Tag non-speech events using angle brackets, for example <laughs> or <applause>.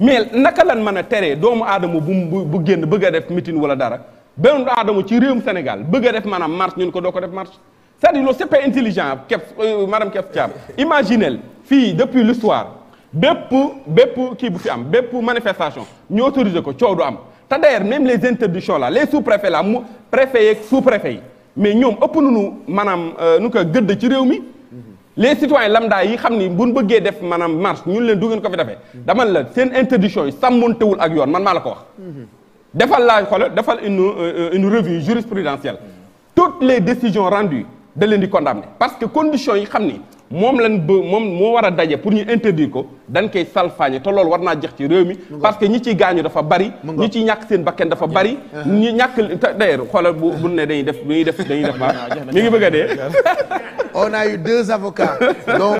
mais naka lan mën a doomu pour bu bu génn bëgg def meeting wala dara benn ci Sénégal def manam marche ñun def marche c'est-à-dire c'est pas intelligent Mme euh, madame imaginez depuis l'histoire bépp bépp ki bu fi am manifestation ñu autoriser ko ciow du am ta d'ailleurs même les interdictions là les sous-préfets là préfet et sous-préfet mais euh, ko les citoyens lambda yi xamni buñ bëggee def manam marche ñun leen du ngeen ko fi defee dama la seen interdiction yi samonté wul ak yoon man maa la ko wax defal laa xoolal defal une euh, une revue jurisprudentielle toutes les décisions rendues de leen di condamner parce que condition yi xamni mom lañ lan ba moom moo war pour ñu interdire ko dañ koy salfaañe té lool war naa jeex ci réew mi parce que ñi ci gañu dafa bari ñi ci ñak seen bakken dafa bari ñi ñak d'ailleurs xolal bu bu ne dañuy def dañuy def dañuy def ma <laughs> ah, mi ngi bëgg a on a eu deux avocats donc